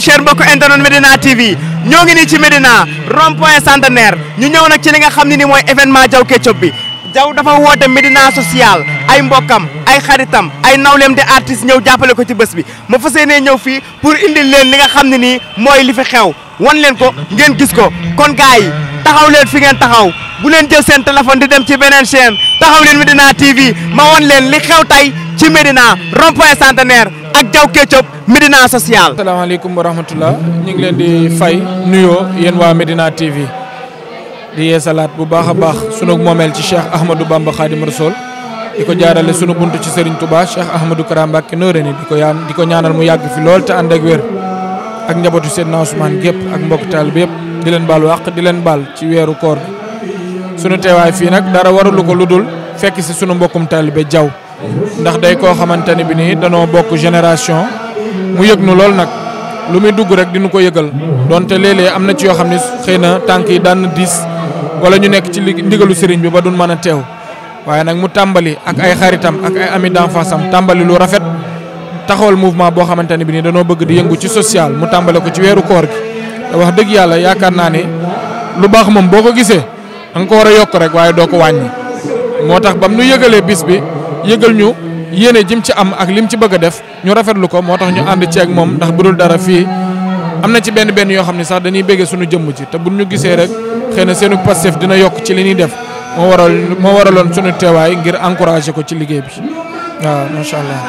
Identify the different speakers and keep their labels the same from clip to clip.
Speaker 1: salaam cher mbokku internet Medina TV ñoo ngi nii ci Medina rond point centenaire ñu ñëw nag ci li nga xam ne ni mooy événement Diaw Ketchup bi Diaw dafa woote Medina social ay mbokkam ay xaritam ay nawleem de artiste ñëw jàppale ko ci bés bi ma fas yéenee ñëw fii pour indil leen li nga xam ne nii mooy li fi xew wan leen ko ngeen gis ko kon gars yi taxaw leen fi ngeen taxaw bu leen jël seen téléphone di dem ci beneen chaîne taxaw leen Medina TV ma wan leen li xew tey ci Médina rond-point centenaire ak Diaw Ketchup Médina
Speaker 2: social. asalaamaaleykum wa rahmatullah ñu ngi leen di fay nuyoo yéen waa Médina TV di yeesalaat bu baax a baax sunu moomeel ci Cheikh Ahmadou Bamba Khadim sol di ko jaarale sunu bunt ci Serigne Touba Cheikh Ahmadou Kara Mbacké Noreyni di ko yaan di ko ñaanal mu yàgg fi lool te ànd ak wér ak njabootu Seydina Ousmane gépp ak mbokk taal bi yëpp di leen baal wàq di leen baal ci weeru koor sunu teewaay fii nag dara waralu ko lu dul fekk si sunu mbokkum taalibe Diaw ndax day koo xamante ni bi nii danoo bokk génération mu yëg nu lool nag lu muy dugg rek dinu ko yëgal donte léeg am na ci yoo xam ne xëy na tànk yi daan na diis wala ñu nekk ci ndigalu sëriñ bi ba duñ mën a teew waaye nag mu tàmbali ak ay xaritam ak ay ami d'enfance am tàmbali lu rafet taxawal mouvement boo xamante ne bi nii danoo bëgg di yëngu ci social mu tàmbale ko ci weeru koor gi te wax dëgg yàlla yaakaar naa ne lu baax moom boo ko gisee da ko war a yokk rek waaye doo ko wàññi moo tax bam bi yëgal ñu yéene jim ci am ak lim ci bëgg a def ñu rafetlu ko moo tax ñu ànd ci ak moom ndax bu dul dara fii am na ci benn benn yoo xam ne sax dañuy béggee suñu jëmm ci te bu ñu gisee rek xëy na seenu dina yokk ci li ñuy def moo waral moo waraloon suñu teewaay ngir encouragé ko ci liggéey bi waaw macha allah.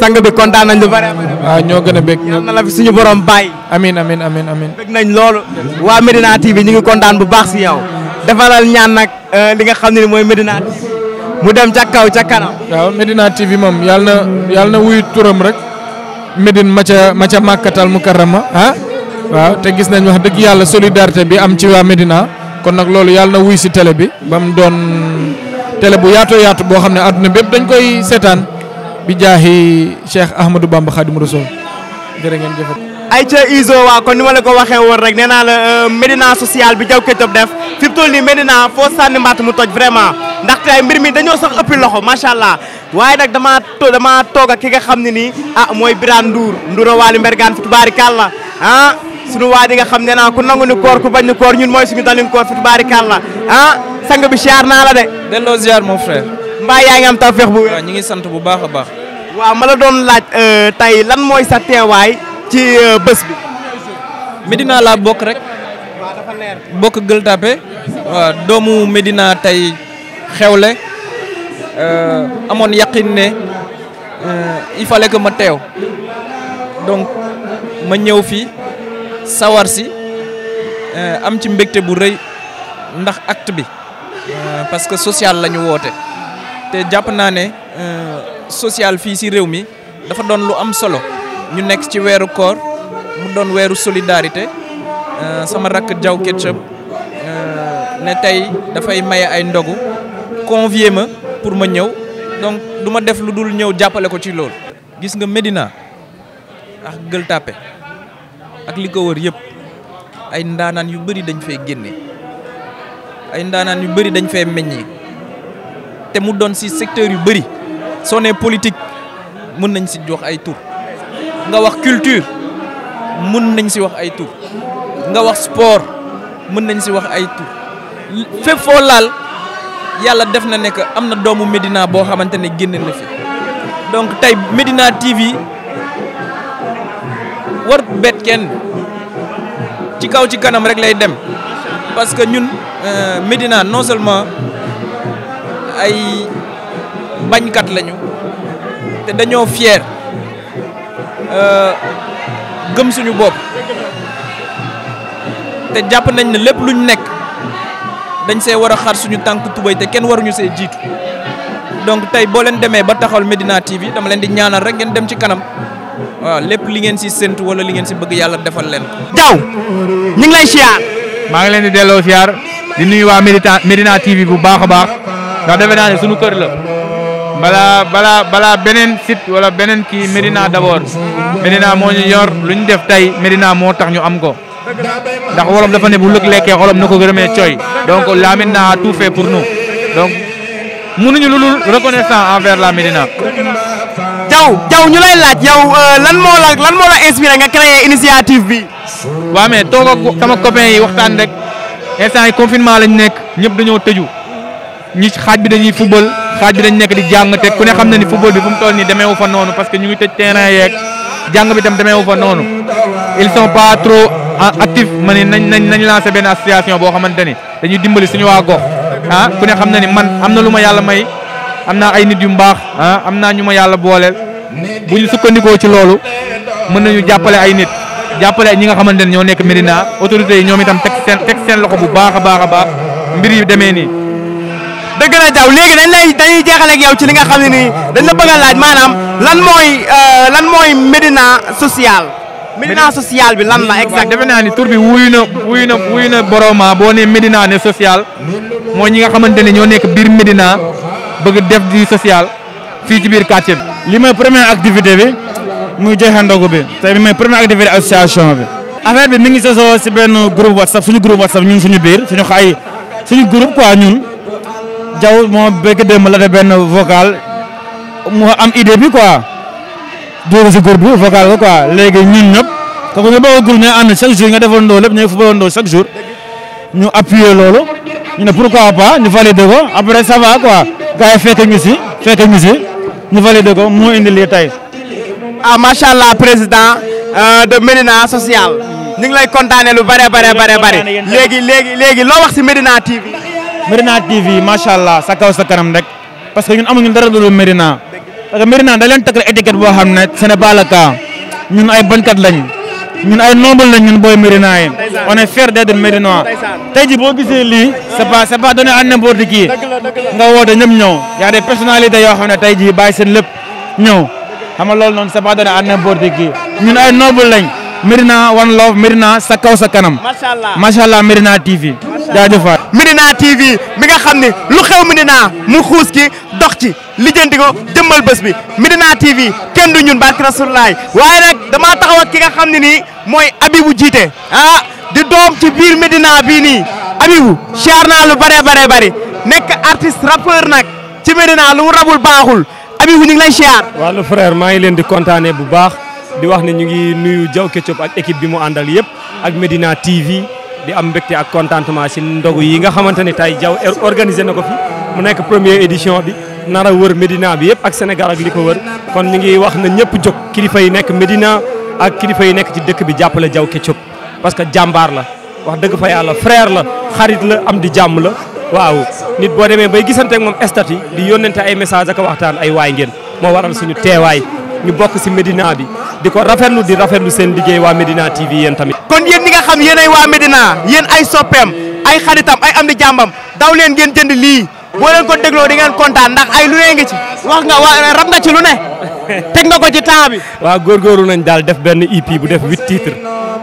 Speaker 2: sang bi kontaan nañ lu bari. waaw ñoo gën a
Speaker 1: bég. yal na la fi suñu borom bàyyi. amiin amiin amiin amiin. bég nañ loolu. waa Medina TV ñu ngi kontaan bu baax si yow. defalal ñaan nag euh, li nga xam ne mooy Medina mu dem ca kaw
Speaker 2: ca kanam. waaw Medina TV moom yàlla na yàlla na wuyu turam rek Medine ma ca ma ca màkkatal mukarrama ah. waaw te gis nañ wax dëgg yàlla solidarité bi am ci waa médina kon nag loolu yàlla na wuy si télé bi ba mu doon télé bu yaatoo yaatu boo xam ne àdduna bépp dañ koy seetaan bi jaahi Cheikh Ahmadou Bamba Khadim Rasoul jërë ngeen jëfat
Speaker 1: ay ca iso waaw kon ni ma la ko waxee woon rek nee naa la euh, Médina sociale bi jaw ketop def fi mu toll nii Médina foo sànni mbaat mu toj vraiment ndaxte ay mbir mi dañoo sax ëppi loxo macha allah waaye nag damaa damaa toog ki nga xam ne nii ah mooy Birane Ndour Ndour a waali mbergaan fi tubaarikàlla ah suñu waa ji nga xam ne naa ku nangu ni koor ku bañ ni koor ñun mooy suñu dalin koor fi tubaarikàlla ah sang bi ziar naa la de
Speaker 3: delloo ziar mon frère
Speaker 1: mbaa yaa ngi am tawfeex bu waaw
Speaker 3: ñu ngi sant bu baax a baax
Speaker 1: waaw ma la doon laaj euh, tey lan mooy sa teewaay
Speaker 3: ci euh, bés bi Médina laa bokk rek bokk Gueule Tapée waaw xewle euh, amoon yaqin ne euh, il fallait que ma teew donc ma ñëw fii sawar si euh, am ci mbégte bu rëy ndax acte bi parce que social la ñu woote te jàpp naa ne social fii si réew mi dafa doon lu am solo ñu nekk ci weeru koor mu doon weeru solidarité sama rakk jaw ketchup ne tey dafay maye ay ndogu convier ma pour ma ñëw donc duma def lu dul ñëw jàppale ko ci loolu. gis nga Médina ak Gueule Tapée ak li ko wër yëpp ay ndaanaan yu bëri dañ fay génne ay ndaanaan yu bëri dañ fay meññi te mu doon si secteur yu bëri soo nee politique mun nañ si jox ay tur nga wax culture mun nañ si wax ay tur nga wax sport mën nañ si wax ay tur fépp foo laal. yàlla def na ne que am na doomu Medina boo xamante ne génn na fi donc tey Medina TV war bet kenn ci kaw ci kanam rek lay dem parce que ñun euh, Medina non seulement ay bañkat lañu te dañoo fier euh, gëm suñu bopp te jàpp nañ ne lépp luñ nekk. dañ see war a xar suñu tànk tubay te kenn waruñu see jiitu donc tey boo leen demee ba taxawal Medina TV dama leen di ñaanal rek ngeen dem ci kanam waaw lépp li ngeen si séntu wala li ngeen si bëgg yàlla defal leen.
Speaker 4: daw ñu ngi lay siyaar. maa ngi leen di delloo siyaar di nuyu waa Medina Medina TV bu baax a baax ndax defe naa ne suñu kër la balaa balaa balaa beneen site wala beneen kii Medina d'abord Medina moo ñu yor lu ñu def tey Medina moo tax ñu am ko. ndax wolof dafa ne bu lëg lekkee xolam na ko gërëmee cooy donc la Médina tout fait pour nous donc mënuñu lu dul reconnaissant envers la Médina. jaw jaw ñu lay laaj yow euh, lan moo la lan moo la inspiré nga créer initiative bi. waaw mais toog ak sama copain yi waxtaan rek instant yi confinement lañ nekk ñëpp dañoo tëju ñu xaaj bi dañuy football xaaj bi dañ nekk di jàng te ku ne xam na ni football bi fu mu toll nii demeewu fa noonu parce que ñu ngi tëj terrain yeeg jàng bi tam demeewu fa noonu Ah, actif man ne nañ nañ nañ lancé benn association boo xamante ne dañuy dimbali suñu waa gox ah ku ne xam na ni man am na lu ma yàlla may am naa ay nit yu mbaax ah am naa ñu ma yàlla booleel bu ñu sukkandikoo ci loolu mën nañu jàppale ay nit jàppale ñi nga xamante ne ñoo nekk Médina autorités yi ñoom itam teg seen teg seen loxo bu baax a baax a baax mbir yu demee nii. dëgg la Diaw léegi dañ lay dañuy jeexale ak ci
Speaker 1: li nga xam ne nii dañ la bëgg laaj maanaam lan mooy euh, lan mooy Médina social.
Speaker 4: médina social bi lan la exact defe naa ni tur bi wuyu na wuyu na wuyu na boroma boo nee médina ne social mooy ñi nga xamante ne ñoo nekk biir médina bëgg def di social fii ci biir quartier li mooy première activité bi muy joxe ndogu bi te bi mooy première activité association bi. affaire bi mi ngi sosoo si benn groupe whatsapp suñu groupe whatsapp ñun suñu biir suñu xay suñu groupe quoi ñun jaww moo bëgg démb la de benn vocal mu am idée bi quoi. dóor si groupe bi vocal ko quoi léegi ñun ñëpp te ku ñu bëgg a groupe ñu ànd chaque jour nga defandoo lépp ñu footballandoo chaque jour ñu appuyer loolu ñu ne pourquoi pas ñu valider ko après ça va quoi gars yi fekk ñu si ñu si ko moo indi lii tey. ah macha allah président
Speaker 1: euh, de Médina social ñu ngi lay kontaanee lu bare bare bare bare léegi léegi léegi
Speaker 4: loo wax si Médina TV. Médina TV macha allah sa kaw sa kanam rek parce que ñun amuñu dara lu dul Médina. parce que Médina da leen takkal étiquette boo xam ne ce n'est pas le cas ñun ay bañkat lañ ñun ay noble lañ ñun booy Médina yi on est fier d'être Médinois tey ji boo gisee lii c'est pas c'est pas donné nga woote ñëpp ñëw y a des personnalités ji bàyyi seen lépp ñëw xam nga loolu noonu c'est pas donné ñun ay noble lañ Médina one love Médina sa kaw sa kanam macha allah Médina TV mi nga xam ne lu xew Médina mu xuus dox ci
Speaker 1: lijjanti ko jëmmal bés bi Medina TV kenn du ñun barki rasulullaay waaye nag damaa taxaw ak ki nga xam ni ni mooy Abibu jiite ah di doom ci biir Medina bii nii Abibu siyaar naa lu bare bare bari nekk artiste rappeur nag ci Medina lu mu rabul
Speaker 5: baaxul Abibu ñu ngi lay siyaar wàllu frère maa ngi leen di kontaane bu baax di wax ne ñu ngi nuyu Jaw Ketchup ak équipe bi mu àndal yëpp ak Medina TV di am mbégte ak contentement si ndogu yi nga xamante ni tay Jaw er-, organisé na ko mu nekk première édition bi nar a wër Médina bi yëpp ak Sénégal ak li ko wër kon ñu ngi wax na ñëpp jóg kilifa yi nekk Médina ak kilifa yi nekk ci dëkk bi jàppale jaw Ketchup parce que jàmbaar la wax dëgg fa yàlla frère la xarit la am di jàmm la waaw nit boo demee bay gisante ak moom statut di yónnante ay message ak waxtaan ay waay ngeen moo waral suñu teewaay ñu bokk si Médina bi di ko rafet rafetlu di lu seen liggéey waa Médina TV yéen tamit. kon
Speaker 1: yéen ñi nga xam yéen ay waa Médina
Speaker 5: yéen ay soppeem ay
Speaker 1: xaritam ay am di jàmbam daw leen ngeen jënd lii. boo leen ko dégloo di ngeen kontaan ndax ay lu ne ngi ci
Speaker 5: wax nga waa rab nga ci lu ne teg nga ko ci temps bi. waaw góorgóorlu nañ daal def benn EP bu def huit titres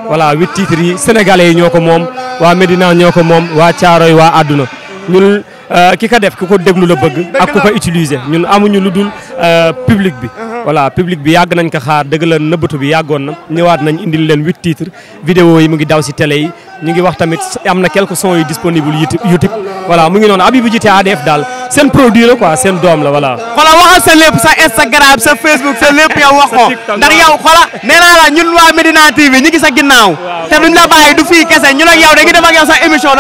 Speaker 5: voilà huit titres yi sénégalais yi ñoo ko moom waa Medina ñoo ko moom waa Caaroy waa àdduna ñun euh, ki ko def ku ko déglu la bëgg. ak ku ko utiliser ñun amuñu lu dul euh, public bi. Uh-huh. voilà public bi yàgg nañ ko xaar dëgg la nëbbatu bi yàggoon na ñëwaat nañ indil leen huit titres vidéo yi mu ngi daw si télé yi ñu ngi wax tamit am na quelques sons yu disponible YouTube voilà mu ngi noonu Habibou Djité ADF daal seen produit la quoi seen doom la voilà xoola waxal sa lépp sa Instagram sa Facebook sa lépp yow wax ko ndax yow xoola nee la ñun
Speaker 1: waa Medina TV ñu ngi sa ginnaaw te duñ la bàyyi du fii kese ñun ak yow dañuy def ak sa émission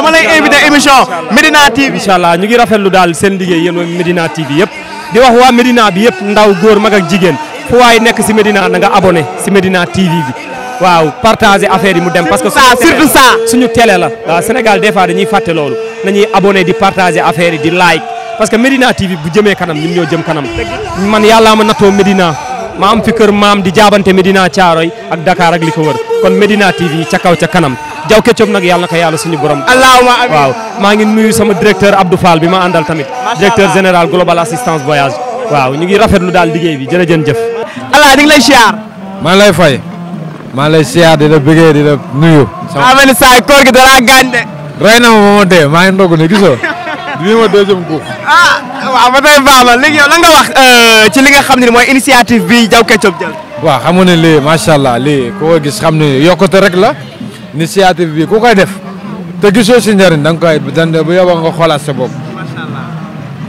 Speaker 5: yëpp di wax waa Médina bi yëpp ndaw góor mag ak jigéen fu waay nekk si Médina na nga abonné si Médina TV bi waaw partager affaire yi mu dem. parce que surtout ça suñu télé la. waaw Sénégal des fois dañuy fàtte loolu nañuy abonné di partager affaire yi di like parce que Médina TV bu jëmee kanam ñun ñoo jëm kanam. man yàllaa ma nattoo Médina ma am kër maam di jaabante Médina Thiaroy ak dakaar ak li ko wër kon Médina TV ca kaw ca kanam. jaw Ketchup nag yàlla na ko yàlla suñu borom. allahumma amiin waaw maa ngi nuyu sama directeur Abdou Fall bi ma àndal tamit. directeur général global assistance voyage. waaw ñu ngi rafetlu daal liggéey bi jërëjën jëf. allah di lay siyaar. maa lay fay.
Speaker 4: maa lay siyaar di la bëggee di la nuyu. sama maa mel koor gi dara gaañ de. rey na ma ba ma dee maa ngi ndog ni gisoo.
Speaker 1: lii ma deuxième coup. ah léegi yow nga wax euh, ci li nga xam ne mooy
Speaker 4: initiative bi jaw Ketchup jël. waaw xam nga ne lii macha allah lii ku ko gis xam ne yokkute rek la initiative bi ku koy def te gisoo si njëriñ da koy bu yóbboo nga xoolaat sa bopp. macha allah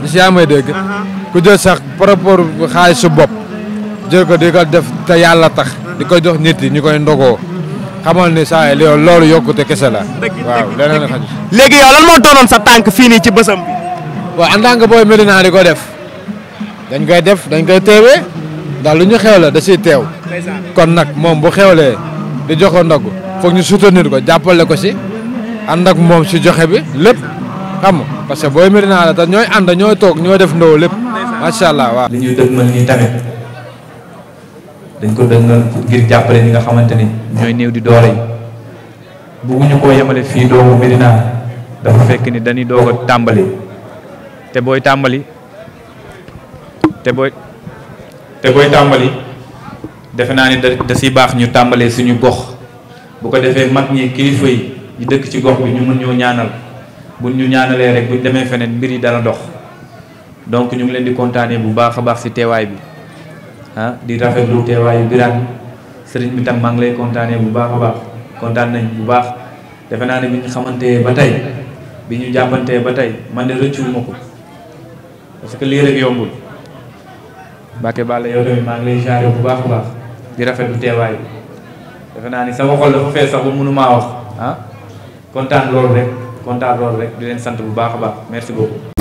Speaker 4: si yaa may dégg. Uh-huh. ku jël sax par rapport xaalis su bopp. jël ko di ko def te yàlla tax. di ko jox nit yi ñu koy ndogoo. xamal ni saa yi loolu yokkute kese la.
Speaker 2: waaw leneen la xajul.
Speaker 4: léegi yow lan moo doonoon sa tànk fii nii ci bësam bi. waaw en tant que booy Medina di ko def. dañ koy def dañ koy teewee. ndax lu ñu xew la da teew. kon nag moom bu xewlee di jox ko ndogu foog ñu soutenir ko jàppale ko si ànd ak moom si joxe bi lépp xam nga parce que booy Médina la te ñooy ànd ñooy toog ñooy def ndaw lépp macha allah waaw. li ñuy dëgmal nii tamit
Speaker 6: dañ ko dëgmal ngir jàppale ni nga xamante ni ñooy néew di doole yi bugguñu koo yemale fii doomu Médina dafa fekk ni dañuy doog a tàmbali te booy tàmbali te booy te booy tàmbali defe naa ni da da si baax ñu tàmbalee suñu gox. bu ko defee mag ñi kilifa yi dëkk ci gox bi ñu mën ñoo ñaanal bu ñu ñaanalee rek buñ demee feneen mbir yi dana dox donc ñu ngi leen di kontaanee bu baax a baax ci teewaay bi ah di rafetlu teewaayu Birane sëriñ bi tam maa ngi lay kontaanee bu baax a baax kontaan nañ bu baax defe naa ne bi ñu xamantee ba tey bi ñu jàppantee ba tey man de rëccuwuma ko parce que lii rek yombul Mbacke Balla yow tamit maa lay jaare bu baax a baax di rafetlu teewaay bi defe naa ni sama xol dafa fees sax ba mënu maa wax ah kontaan loolu rek kontaan loolu rek di leen sant bu baax a baax merci beaucoup.